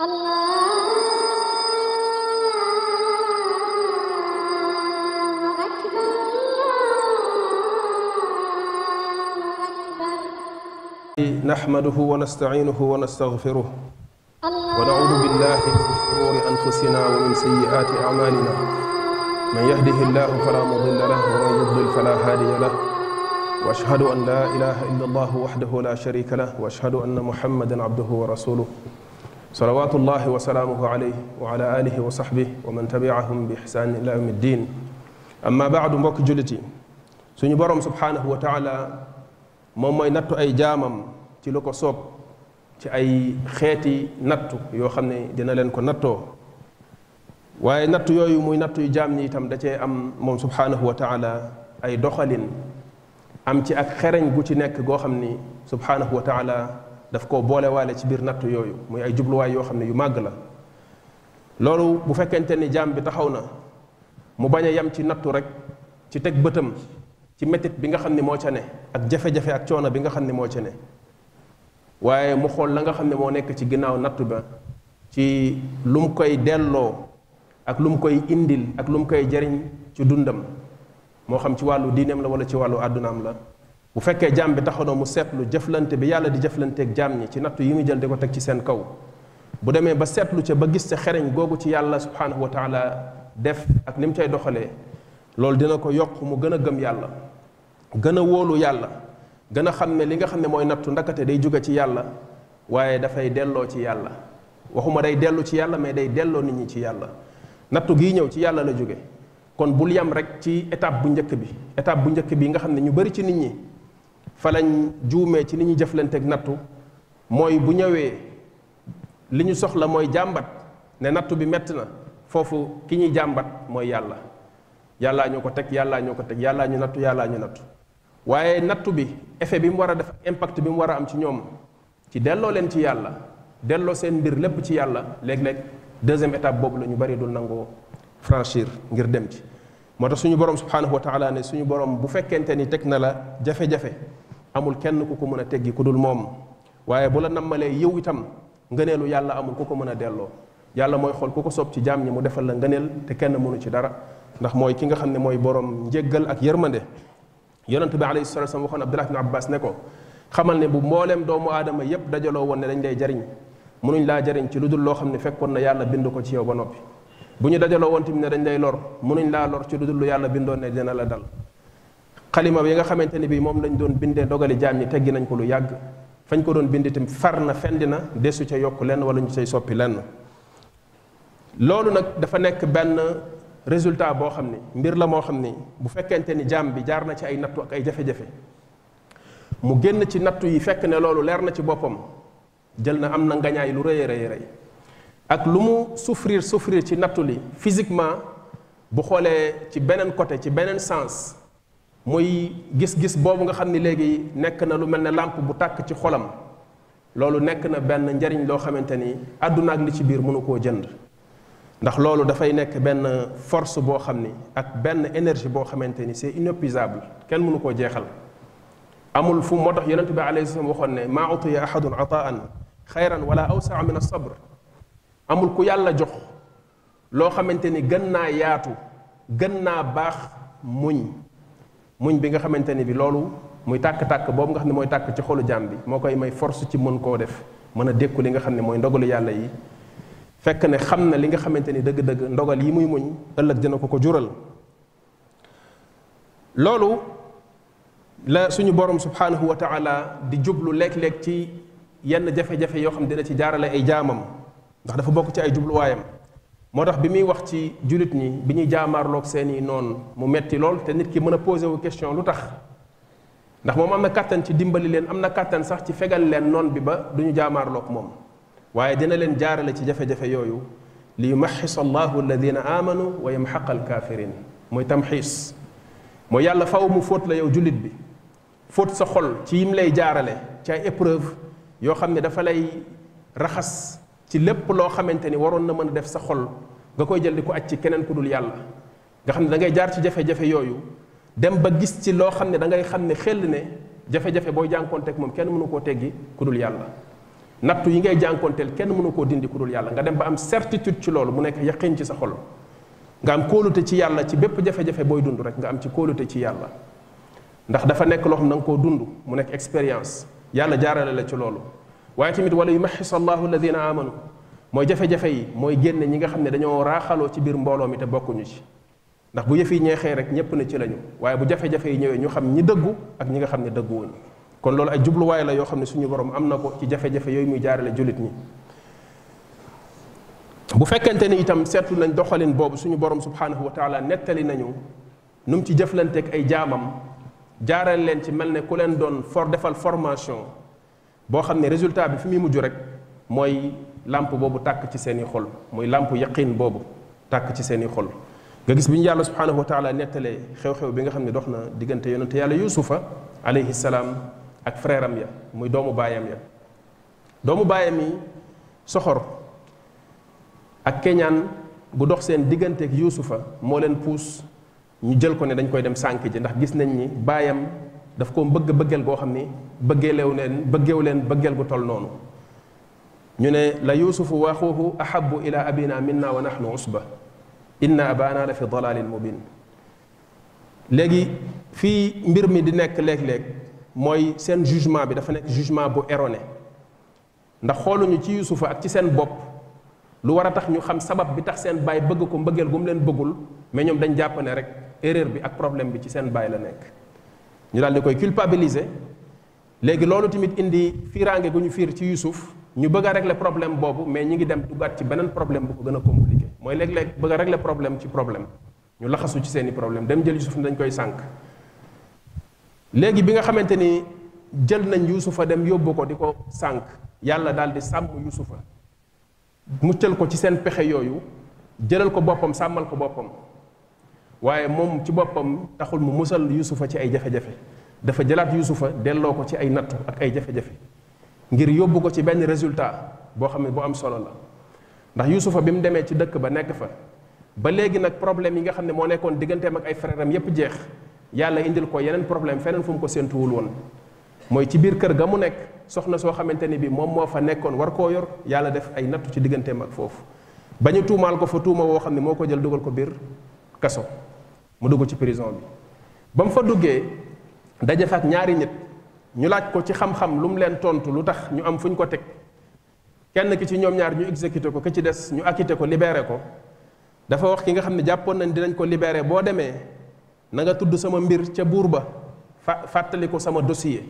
نحمده ونستعينه ونستغفره ونعوذ بالله من شرور انفسنا ومن سيئات اعمالنا من يهده الله فلا مضل له ومن يضلل فلا هادي له واشهد ان لا اله الا الله وحده لا شريك له واشهد ان محمدا عبده ورسوله salawaatullahi wa salaamuhu alayhi wa ala alihi wa sahbihi wa man tabiahum bi ihsaan ila yawmi ddin amma baadu mbokk jullit yi suñu borom subhaanahu wa taala moom mooy nattu ay jaamam ci lu ko soob ci ay xeeti nattu yoo xam ne dina leen ko nattoo waaye nattu yooyu muy nattu yu jaam ñi itam da cee am moom subhaanahu wa taala ay doxalin am ci ak xereñ gu ci nekk goo xam ni subhaanahu wa taala daf koo boolewaale ci biir nattu yooyu muy ay jubluwaay yoo xam ne yu màgg la loolu bu fekkente ni jaam bi taxaw na mu bañ a yam ci nattu rek ci teg bëtam ci métit bi nga xam ne moo ca ne ak jafe-jafe ak coono bi nga xam ne moo ca ne waaye mu xool la nga xam ne moo nekk ci ginnaaw natt ba ci lu mu koy delloo ak lu mu koy indil ak lu mu koy jariñ ci dundam moo xam ci wàllu diineem la wala ci wàllu àddunaam la bu fekkee jaam bi taxanoo mu seetlu jëflante bi yàlla di jëflanteeg jaam ñi ci nattu yi muy jël di ko teg ci seen kaw bu demee ba seetlu ca ba gis ca xereñ googu ci yàlla subhanahu wa taala def ak ni mu cay doxalee loolu dina ko yokk mu gën a gëm yàlla gën a wóolu yàlla gën a xam ne li nga xam ne mooy nattu ndakate day jóge ci yàlla waaye dafay delloo ci yàlla waxuma day dellu ci yàlla mais day delloo nit ñi ci yàlla nattu gii ñëw ci yàlla la jóge kon bul yam rek ci étape bu njëkk bi étape bu njëkk bi nga xam ne ñu bari ci nit ñi fa lañ juumee ci li ñuy teg nattu mooy bu ñëwee li ñu soxla mooy jàmbat ne nattu bi mett na foofu ki ñuy jàmbat mooy yàlla yàllaa ñoo ko teg yàllaa ñoo ko teg yàllaa ñu nattu yàllaa ñu nattu waaye nattu bi effet bi mu war a def impact bi mu war a am ci ñoom ci delloo leen ci yàlla delloo seen mbir lépp ci yàlla léeg-léeg deuxième étape boobu la ñu bari dul nangoo franchir ngir dem ci moo tax suñu borom subhanahu wa taala ne suñu borom bu fekkente ni teg na la jafe amul kenn ku ko mën a teggi ku dul moom waaye bu la nammalee yiw itam ngëneelu yàlla amul ku ko mën a delloo yàlla mooy xool ku ko soob ci jaam ñi mu defal la ngëneel te kenn mënu ci dara ndax mooy ki nga xam ne mooy borom njéggal ak yërmande yonent bi alayhi salatu wasallam waxoon abdullah ibn abbas ne ko xamal ne bu mbooleem doomu aadama yépp dajaloo woon ne dañ lay jariñ munuñ laa jariñ ci lu dul loo xam ne fekkoon na yàlla bind ko ci yow ba noppi bu ñu dajaloo woon tamit ne dañ lay lor munuñ laa lor ci lu dul lu yàlla bindoon ne dina la dal xalima bi nga xamante ni bii moom lañu doon bindee dogali jaam ñi teggi nañ ko lu yàgg fañ ko doon bind itam far na fendi na desu ca yokk lenn wala ñu cay soppi lenn loolu nag dafa nekk benn résultat boo xam ni mbir la moo xam ni bu fekkente ni jaam bi jaar na ci ay nattu ak ay jafe-jafe mu génn ci nattu yi fekk ne loolu leer na ci boppam jël na am na ngañaay lu rëyee rëy rëy ak lu mu souffrir souffrir ci nattu li physiquement bu xoolee ci beneen côté ci beneen sens moy gis-gis bobu nga xamni legui nek na lu mel lampe bu tak ci xolam loolu nek na ben njariñ lo xamanteni aduna ak li ci bir munu ko jënd ndax da fay nek ben force bo xamni ak ben énergie bo xamanteni c'est inépuisable ken munu ko jéxal amul fu motax yaronte bi alayhi salam waxon ne ma utiya ahadun ataan khayran wala awsaa min as-sabr amul ku yàlla jox lo xamanteni ni gën naa yaatu gën naa baax muñ muñ bi nga xamanteni bi loolu muy tak tak boobu nga xam ne mooy tàkk ci xolu jambi bi moo koy may force ci mën koo def mën a dékku li nga xam ne mooy ndogalu yàlla yi fekk ne xam na li nga xamante ni dëgg-dëgg ndogal yi muy muñ ëllëg dina ko ko jural loolu la suñu borom subhanahu wa taala di jublu léeg-léeg ci yenn jafe-jafe yoo xam dina ci jaarale ay jaamam ndax dafa bokk ci ay jubluwaayam moo tax bi muy wax ci julit ñi bi ñuy jaamaarloog seen i noonu mu metti lool te nit ki mën a posé wu question lu tax ndax moom am na kàttan ci dimbali leen am na kàttan sax ci fegal leen noon bi ba du ñu jaamaarloog moom waaye dina leen jaarale ci jafe-jafe yooyu li yumaxis allahu alladina amanu wa yamxaqa alkafirin mooy tamxiis mooy yàlla faw mu fóot la yow julit bi fóot sa xol ci yim lay jaarale ci ay épreuve yoo xam ne dafa lay raxas ci lépp loo xamante ni waroon na mën a def sa xol nga koy jël di ko aj ci keneen ku dul yàlla nga xam ne da jaar ci jafe-jafe yooyu dem ba gis ci loo xam ne da ngay xam ne xel ne jafe-jafe booy jànkoonteek moom kenn mënu koo teggi ku dul yàlla nattu yi ngay jànkoonteel kenn mënu koo dindi ku yàlla nga dem ba am certitude ci loolu mu nekk yaqin ci sa xol nga am ci yàlla ci bépp jafe booy dund rek nga am ci kóolute ci yàlla ndax dafa nekk loo xam ne koo dund mu nekk expérience yàlla jaarale la ci loolu waaye tamit wala yu maxis allahu alladina amanu mooy jafe-jafe yi mooy génne ñi nga xam ne dañoo raaxaloo ci biir mbooloo mi te bokkuñu ci ndax bu yëf yi ñeexee rek ñëpp na ci lañu waaye bu jafe-jafe yi ñëwee ñu xam ñi dëggu ak ñi nga xam ne dëgguwuñu kon loolu ay jubluwaay la yoo xam ne suñu borom am na ko ci jafe-jafe yooyu muy jaarale julit ñi bu fekkente ni itam seetlu nañ doxalin boobu suñu borom subhanahu wa taala nettali nañu num mu ci jëflanteeg ay jaamam jaaral leen ci mel ne ku leen doon for defal formation boo xam ne résultat bi fi muy mujj rek mooy làmp boobu tàkk ci seen i xol mooy làmp yaqin boobu tàkk ci seen i xol nga gis bi ñu yàlla subhanahu wa taala nettalee xew-xew bi nga xam ne dox na diggante yonente yàlla yusufa alayhi salaam ak frère ya muy doomu baayam ya doomu baayam yi soxor ak keñaan bu dox seen digganteeg yusufa moo leen puus ñu jël ko ne dañ koy dem sànk ji ndax gis nañ ni baayam daf ko bëgg bëggel goo xam ni bëggeelew leen bëggeew leen bëggel gu toll noonu ñu ne la yusufu wa axuhu ahabu ila abina minna wa nahnu usba inna abana la fi dalalin mubin léegi fii mbir mi di nekk léeg-léeg mooy seen jugement bi dafa nekk jugement bu erroné ndax xooluñu ci yusufa ak ci seen bopp lu war a tax ñu xam sabab bi tax seen baay bëgg ko mbëggeel gu mu leen bëggul mais ñoom dañ jàpp ne rek erreur bi ak problème bi ci seen baay la nekk ñu daal di koy culpabiliser léegi loolu tamit indi fiiraange gu ñu fiir ci Yuusuf ñu bëgg a régler problème boobu mais ñu ngi dem duggaat ci beneen problème bu ko gën a compliqué mooy léeg-léeg bëgg a régler problème ci problème ñu laxasu ci seeni problème dem jël Yuusuf ni dañ koy sànk léegi bi nga xamante ni jël nañ Yuusufa dem yóbbu ko di ko sànk yàlla daal di sàmm Yuusufa muccal ko ci seen pexe yooyu jëlal ko boppam sàmmal ko boppam waaye moom ci boppam taxul mu musal yusufa ci ay jafe-jafe dafa jëlaat yusufa delloo ko ci ay natt ak ay jafe-jafe ngir yóbbu ko ci benn résultat boo xam ne bu am solo la ndax yusufa bi mu demee ci dëkk ba nekk fa ba léegi nag problème yi nga xam ne moo nekkoon digganteem ak ay frèream yépp jeex yàlla indil ko yeneen problème feneen fu mu ko séentuwul woon mooy ci biir kër ga mu nekk soxna soo xamante ni bi moom moo fa nekkoon war koo yor yàlla def ay natt ci digganteem ak foofu bañu ñu tuumaal ko fa tuuma woo xam ne moo ko jël dugal ko biir kaso mu dugg ci prison bi ba mu fa duggee daje fa ñaari nit ñu laaj ko ci xam-xam lu mu leen tontu lu tax ñu am fu ñu ko teg kenn ki ci ñoom ñaar ñu exécuté ko ki ci des ñu acquitté ko libeere ko dafa wax ki nga xam ne jàppoon nañ dinañ ko libéré boo demee na nga tudd sama mbir ca buur ba fa fàttali ko sama dossier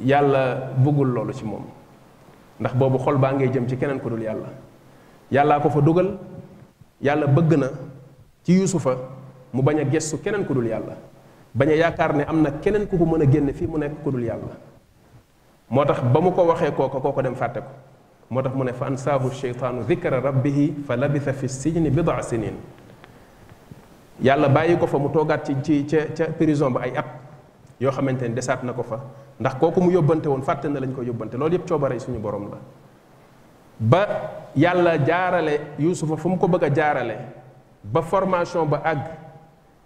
yàlla bëggul loolu ci moom ndax boobu xol baa ngay jëm ci keneen ko dul yàlla yàllaa ko fa dugal yàlla bëgg na ci yuusufa mu bañ a gestu keneen ku dul yàlla bañ a yaakaar ne am na keneen ku ko mën a génn fii mu nekk ku dul yàlla moo tax ba mu ko waxee kooka ko dem fàtte ko moo tax mu ne fa ansaahu sheytaanu dikra rabbihi fa labitha fi sijni bidaa sinin yàlla bàyyi ko fa mu toogaat ci ci ca ca prison ba ay at yoo xamante ne desaat na ko fa ndax kooku mu yóbbante woon fàtte na lañ koy yóbbante loolu yëpp coobare suñu borom la ba yàlla fu mu ko bëgg a jaarale ba formation ba àgg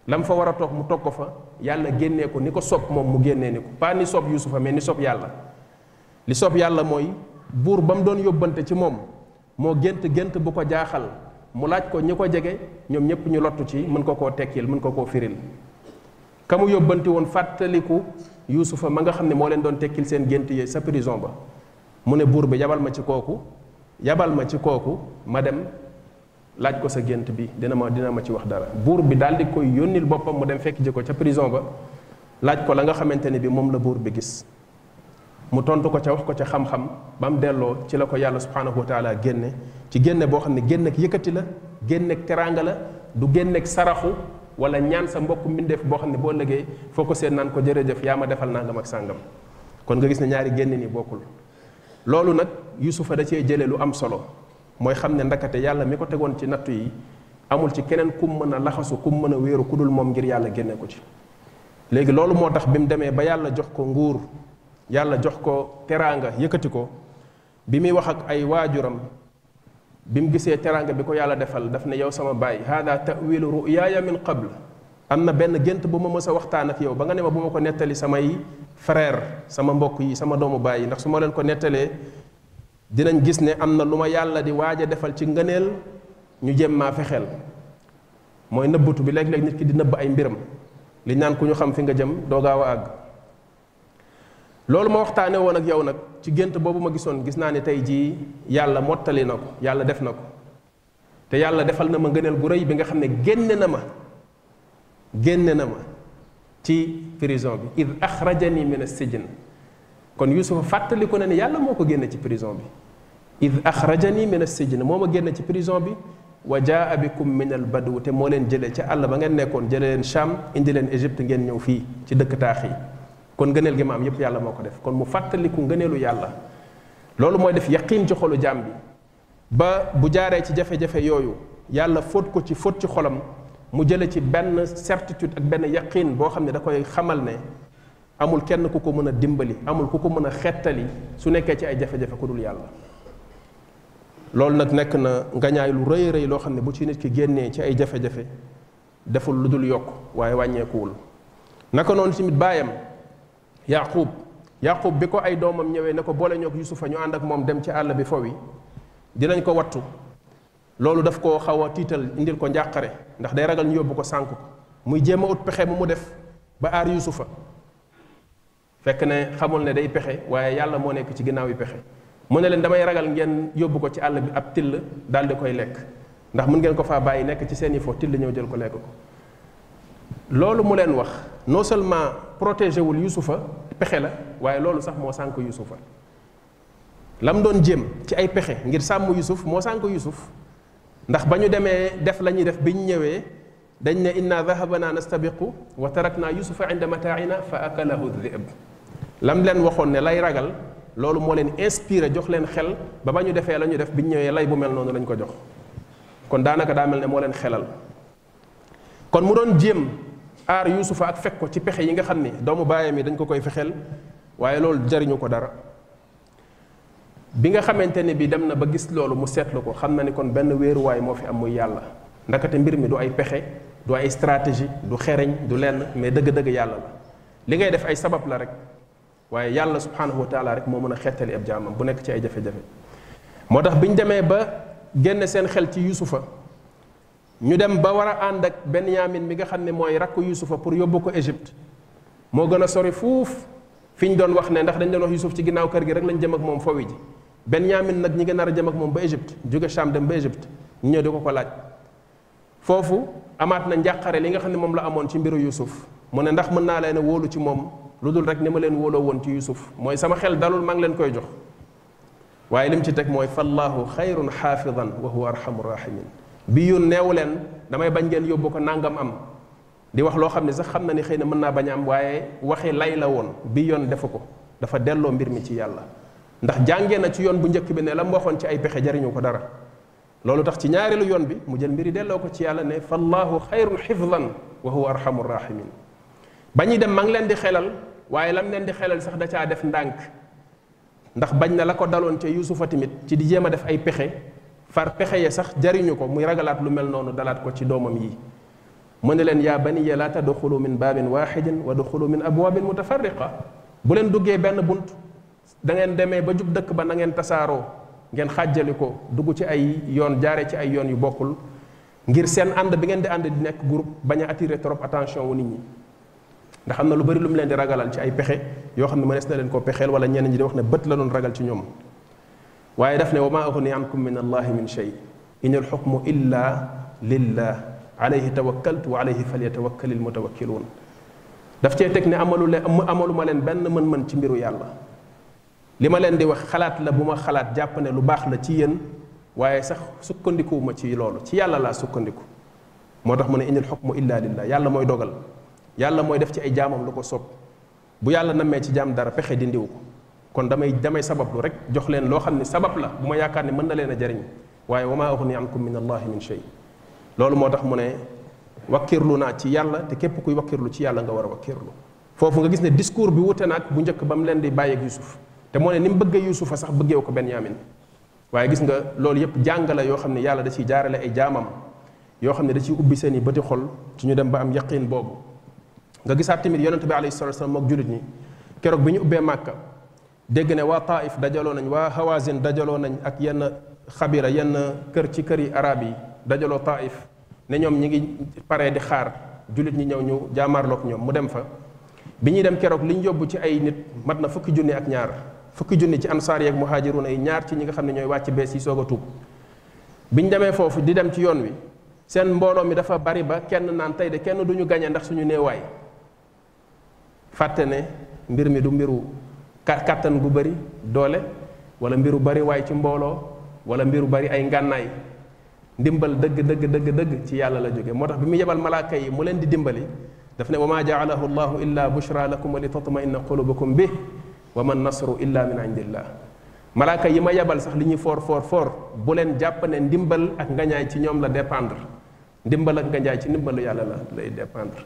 la mu fa war a toog mu toog ko fa yàlla génne ko ni ko sob moom mu génnee ni ko pas ni sob yuusufa mais ni sob yàlla li soob yàlla mooy buur ba mu doon yóbbante ci moom moo gént gént bu ko jaaxal mu laaj ko ñi ko jege ñoom ñëpp ñu lottu ci mën ko koo tekkil mën ko koo firil ka mu yóbbante woon fàttaliku yuusufa ma nga xam ne moo leen doon tekkil seen gént yi sa prison ba mu ne buur bi yabal ma ci kooku yabal ma ci kooku ma dem laaj ko sa gént bi dina ma dina ma ci wax dara buur bi daal di koy yónnil boppam mu dem fekk ji ko ca prison ba laaj ko la nga xamante ni bi moom la buur bi gis mu tontu ko ca wax ko ca xam-xam ba mu delloo ci la ko yàlla subhaanahu wa taala génne ci génne boo xam ne génn génnek yëkkati la génnek teraanga la du génn ak saraxu wala ñaan sa mbokk mbindeef boo xam ne boo lëgee foo ko seen naan ko jërëjëf yaa ma defal nangam ak sàngam kon nga gis ne ñaari génn ni bokkul loolu nag yusufa da cee jële lu am solo moy xamne ndakate yàlla mi ko tegon ci nattu yi amul ci kenen kum meuna laxasu kum meuna wéru kudul mom ngir yàlla génne ko ci légui lolu motax bim démé ba yàlla jox ko nguur yàlla jox ko teranga yëkëti ko bimi wax ak ay wajuram bim gisé teranga biko yàlla defal daf ne yow sama bay hada ta'wil ru'yaya min qabl amna ben gént bu ma mësa waxtaan ak yow ba nga ne ma bu ma ko sama yi frère sama mbokk yi sama doomu baay ndax su ma leen ko netalé dinañ gis ne am na lu ma yàlla di waaj a defal ci ngëneel ñu jëm maa fexeel mooy nëbbatu bi léeg-léeg nit ki di nëbb ay mbiram li naan ku ñu xam fi nga jëm doo a àgg loolu ma waxtaane woon ak yow nag ci gént boobu ma gisoon gis naa ni tey jii yàlla mottali na ko yàlla def na ko te yàlla defal na ma ngëneel gu rëy bi nga xam ne génne na ma génne na ma ci prison bi id axrajani min as-sijn kon yusufa fàttaliku na ne yàlla moo ko génne ci prison bi id axrajani min as na moo ma génne ci prison bi wa jaa bikum min al badu te moo leen jëlee ci àll ba ngeen nekkoon jëlee leen Cham indi leen Égypte ngeen ñëw fii ci dëkk taax yi kon ngëneel gi ma am yépp yàlla moo ko def kon mu fàttaliku ngëneelu yàlla loolu mooy def yaqiin ci xolu jaam bi ba bu jaaree ci jafe-jafe yooyu yàlla fóot ko ci fóot ci xolam mu jële ci benn certitude ak benn yaqiin boo xam ne da koy xamal ne amul kenn ku ko mën a dimbali amul ku ko mën a xettali su nekkee ci ay jafe-jafe ku dul yàlla loolu nag nekk na ngañaay lu rëy rëy loo xam ne bu ci nit ki génnee ci ay jafe-jafe deful lu dul yokk waaye wàññeekuwul naka noonu tamit baayam yaqub yaqub bi ko ay doomam ñëwee ne ko boole ñoog yusufa ñu ànd ak moom dem ci àll bi fowi dinañ ko wattu loolu daf ko xaw a tiital indil ko njàqare ndax day ragal ñu yóbbu ko sànk ko muy jéem a ut pexe mu mu def ba aar yusufa fekk ne xamul ne day pexe waaye yàlla moo nekk ci ginnaaw yi pexe mu ne leen damay ragal ngeen yóbbu ko ci àll bi ab till daal di koy lekk ndax mun ngeen ko faa bàyyi nekk ci seen i fo till ñëw jël ko lekk ko loolu mu leen wax noo seulement protégé wul yusufa pexe la waaye loolu sax moo sànk yusufa lam doon jéem ci ay pexe ngir sàmm yusuf moo sànk yusuf ndax ba ñu demee def la ñuy def bi ñu ñëwee dañ ne inna dhahabana nastabiqu wa tarakna yusufa inda mataina fa akalahu dhi'b lam leen waxoon ne lay ragal loolu moo leen inspiré jox leen xel ba ba ñu defee la ñu def bi ñëwee lay bu mel noonu lañ ko jox kon daanaka daa mel ne moo leen xelal kon mu doon jéem aar yuusufa ak fekk ko ci pexe yi nga xam doomu baayam yi dañ ko koy fexel waaye loolu jariñu ko dara bi nga xamante bi dem na ba gis loolu mu seetlu ko xam na ni kon benn wéeruwaay moo fi am muy yàlla ndakate mbir mi du ay pexe du ay stratégie du xereñ du lenn mais dëgg-dëgg yàlla la li ngay def ay sabab la rek waaye yàlla subhanahu wa taala rek moo mën a xettali ab jaamam bu nekk ci ay jafe-jafe moo tax biñ demee ba génne seen xel ci yusufa ñu dem ba war a ànd ak benyamin mi nga xam ne mooy rakku yusufa pour yóbbu ko égypte moo gën a sori fuuf fiñ doon wax ne ndax dañ doon wax yusuf ci ginnaaw kër gi rek lañ jëm ak moom fowi ji benyamin nag ñi nga nar a jëm ak moom ba égypte jóge cham dem ba égypte ñu ñëw di ko ko laaj fofu amat na njàqare li nga xamne mom la amone ci mbiru yusuf mu ne ndax mën na leen a wóolu ci mom ludul rek ni ma len wolo won ci yusuf moy sama xel dalul mang len koy jox waye lim ci tek moy fallahu khairun hafizan wa huwa arhamur rahimin bi yu neewu leen damay bañ gen yóbbu ko nangam am di wax lo xamne sax xamna na ni xëy na mën bañ am waye waxe lay la bi yon defuko dafa delo mbir mi ci yàlla ndax jàngee na ci yon bu ñeek bi ne lam waxon ci ay pexe jariñu ko dara loolu tax ci ñaareelu yoon bi mu jël mbiri delloo ko ci yàlla ne fallahu xayrun xifdan wa huwa arhamu rahimin ba ñuy dem ma ngi leen di xelal waaye lam leen di xelal sax da caa def ndànk ndax bañ na la ko daloon ca yusufa tamit ci di jéem a def ay pexe far pexe ya sax jariñu ko muy ragalaat lu mel noonu dalaat ko ci doomam yi mu ne leen yaa baniya laa tadxulu min baabin waaxidin wa duxulu min abwaabin mutafarriqa bu leen duggee benn bunt da ngeen demee ba jub dëkk ba na ngeen tasaaroo ngeen xajjaliko ko dugg ci ay yoon jaare ci ay yoon yu bokkul ngir seen ànd bi ngeen di ànd di nekk groupe bañ a attirer trop attention wu nit ñi ndax am na lu bari lu mu leen di ragalal ci ay pexe yoo xam ne mënees na leen koo pexeel wala ñenn ñi di wax ne bët la doon ragal ci ñoom waaye daf ne wa ma ughni ankum min allahi min shay in al hukmu illa lillah alayhi tawakkaltu wa alayhi falyatawakkal mutawakkilun daf cee teg ne amalu le amaluma leen benn mën-mën ci mbiru yàlla li ma leen di wax xalaat la bu ma xalaat jàpp ne lu baax la ci yéen waaye sax ma ci loolu ci yàlla laa sukkandiku moo tax mu ne inil xukmu illa lillah yàlla mooy dogal yàlla mooy def ci ay jaamam lu ko soob bu yàlla nammee ci jaam dara pexe dindiwu ko kon damay damay sabab lu rek jox leen loo xam ne sabab la bu ma yaakaar ne mën na leen a jariñ waaye wa maa uxni ankum min allahi min shay loolu moo tax mu ne wakkirlu naa ci yàlla te képp kuy wakkirlu ci yàlla nga war a wakkirlu foofu nga gis ne discours bi wute naag bu njëkk ba mu leen di bàyyeeg Yusuf te moo ne ni mu bëggee yusufa sax bëggee ko benyamin waaye gis nga loolu yépp jangala yoo xam ne yàlla da ciy jaarale ay jaamam yoo xam ne da ciy ubbi seen i bëti xol ci ñu dem ba am yaqin boobu nga gisaat tamit yonente bi alayhi salatu wasalam moog julit ñi keroog bi ñu ubbee màkka dégg ne waa taif dajaloo nañ waa hawazin dajaloo nañ ak yenn xabira yenn kër ci kër yi arab yi dajaloo taif ne ñoom ñi ngi paree di xaar julit ñi ñëw ñu jaamaarloog ñoom mu dem fa bi ñuy dem keroog liñ ci ay nit mat fukki junni ak ñaar fukki junni ci ansaar yeeg muhaajiruun ay ñaar ci ñi nga xam ne ñooy wàcc bees yi soog a tuub ñu demee foofu di dem ci yoon wi seen mbooloo mi dafa bari ba kenn naan tey de kenn duñu gañe ndax suñu néewaay fàtte ne mbir mi du mbiru kàttan gu bari doole wala mbiru bari waaye ci mbooloo wala mbiru bari ay ngànnaay ndimbal dëgg dëgg dëgg ci yàlla la jóge moo tax bi mu yebal malaaka yi mu leen di dimbali daf ne wa maa jaalahu allahu illa bushra lakum wa li tatma inna qulubukum bih wa man nasru illa min indillah malaka yima yabal sax li for for for bu len japp ne ndimbal ak ngañay ci ñom la dépendre ndimbal ak ngañay ci ndimbalu yalla la lay dépendre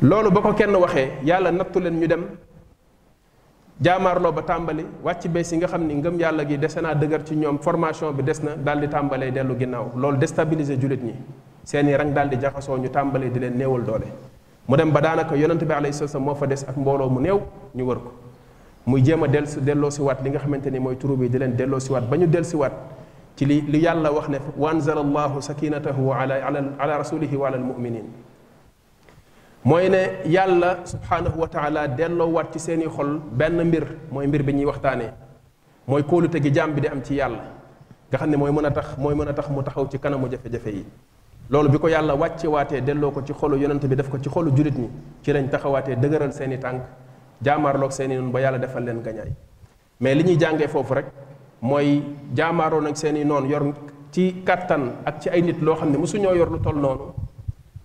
lolu bako kenn waxe yalla nattu len ñu dem jaamar lo ba tambali wacc be si nga xamni ni ngëm yàlla gi desena deugar ci ñom formation bi desna dal di tambale delu ginnaw lolu déstabiliser julit ñi seeni rang dal di jaxaso ñu tambale di len neewul doole mu dem ba daanaka yonente bi alayhi salaam moo fa des ak mbooloo mu néew ñu wër ko muy jéem a del delloo siwaat li nga xamante ni mooy turu bi di leen delloo siwaat ba ñu del siwaat ci li li yàlla wax ne wanzalallahu sakinatahu ala ala rasulihi wa ala almuminin mooy ne yàlla subhanahu wa taala delloowaat ci seeni xol benn mbir mooy mbir bi ñuy waxtaanee mooy kóolute gi jàmbi di am ci yàlla nga xam ne mooy mën a tax mooy mën a tax mu taxaw ci kanamu jafe-jafe yi loolu bi ko yàlla wàcce waatee delloo ko ci xolu yonent bi def ko ci xolu julit ñi ci lañ taxawaatee dëgëral seeni tànk jaamaarloog seeni noonu ba yàlla defal leen gañaay mais li ñuy jàngee foofu rek mooy jaamaaroo nag seeni noonu yor ci kàttan ak ci ay nit loo xam ne mosuñoo yor lu toll noonu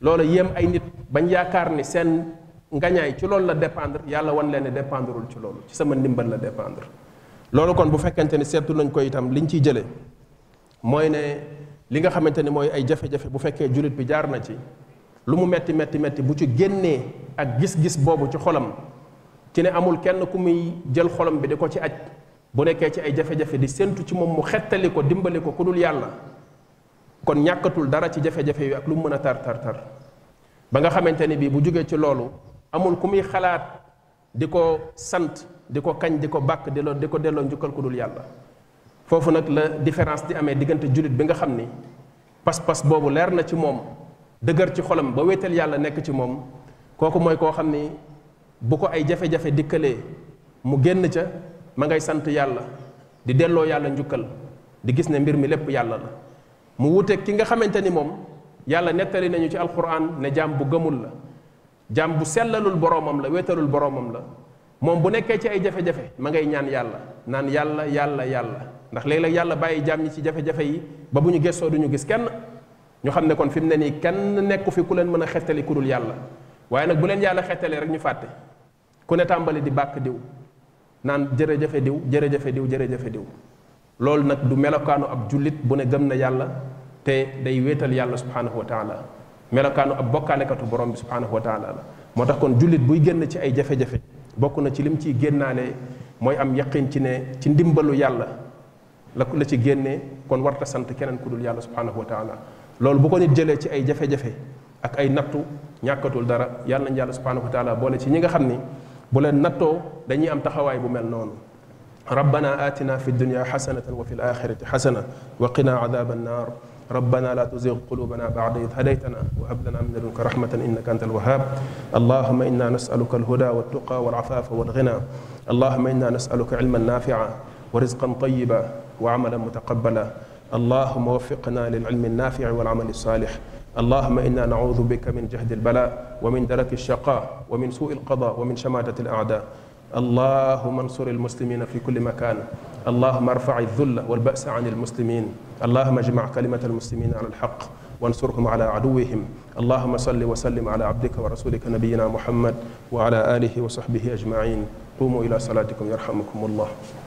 loolu yéem ay nit bañ yaakaar ni seen ngañaay ci loolu la dépendre yàlla wan leen ne dépendreul ci loolu ci sama ndimban la dépendre loolu kon bu fekkente ni seetlu nañ ko itam liñ ciy jëlee li nga xamante ni mooy ay jafe-jafe bu fekkee jullit bi jaar na ci lu mu metti metti metti bu ci génnee ak gis-gis boobu ci xolam ci ne amul kenn ku muy jël xolam bi di ko ci aj bu nekkee ci ay jafe-jafe di séntu ci moom mu xettali ko dimbali ko ku dul yàlla kon ñàkkatul dara ci jafe-jafe yi ak lu mu mën a tar tar tar ba nga xamante ni bii bu jógee ci loolu amul ku muy xalaat di ko sant di ko kañ di ko bàkk di di ko delloo njukkal ku dul yàlla foofu nag la différence di amee diggante jullit bi nga xam ni pas-pas boobu leer na ci moom dëgër ci xolam ba wéetal yàlla nekk ci moom kooku mooy koo xam ni bu ko ay jafe-jafe dikkalee mu génn ca ma ngay sant yàlla di delloo yàlla njukkal di gis ne mbir mi lépp yàlla la mu wuuteeg ki nga xamante ni moom yàlla nettali nañu ci alquran ne jaam bu gëmul la jaam bu sellalul boroomam la wéetalul boroomam la moom bu nekkee ci ay jafe-jafe ma ngay ñaan yàlla naan yàlla yàlla yàlla ndax léeg-léeg yàlla bàyyi jàmm ci jafe-jafe yi ba bu ñu gestoo duñu gis kenn ñu xam ne kon fi mu ne nii kenn nekku fi ku leen mën a xettali ku dul yàlla waaye nag bu leen yàlla xettalee rek ñu fàtte ku ne tàmbali di bàkk diw naan jërëjëfe diw jërëjëfe diw jërëjëfe diw loolu nag du melokaanu ab jullit bu ne gëm na yàlla te day wéetal yàlla subhanahu wa taala melokaanu ab bokkaalekatu borom bi subhanahu wa taala la moo tax kon jullit buy génn ci ay jafe-jafe bokk na ci lim ciy génnaale mooy am yaqin ci ne ci ndimbalu yàlla la la ci génnee kon warta sant keneen ku dul yàlla subhanahu wa taala loolu bu ko nit jëlee ci ay jafe-jafe ak ay nattu ñàkkatul dara yàlla nañ yàlla subhanahu wa taala boole ci ñi nga xam ni bu leen nattoo dañuy am taxawaay bu mel noonu ربنا آتنا في الدنيا حسنة وفي الآخرة حسنة وقنا عذاب النار ربنا لا تزغ قلوبنا بعد إذ هديتنا وهب لنا من لدنك رحمة إنك أنت الوهاب اللهم إنا نسألك الهدى والتقى والعفاف والغنى اللهم إنا نسألك علما نافعا ورزقا طيبا وعملا متقبلا اللهم وفقنا للعلم النافع والعمل الصالح اللهم انا نعوذ بك من جهد البلاء ومن درك الشقاء ومن سوء القضاء ومن شماته الاعداء اللهم انصر المسلمين في كل مكان اللهم ارفع الذل والبأس عن المسلمين اللهم اجمع كلمة المسلمين على الحق وانصرهم على عدوهم اللهم صل وسلم على عبدك ورسولك نبينا محمد وعلى آله وصحبه أجمعين قوموا إلى صلاتكم يرحمكم الله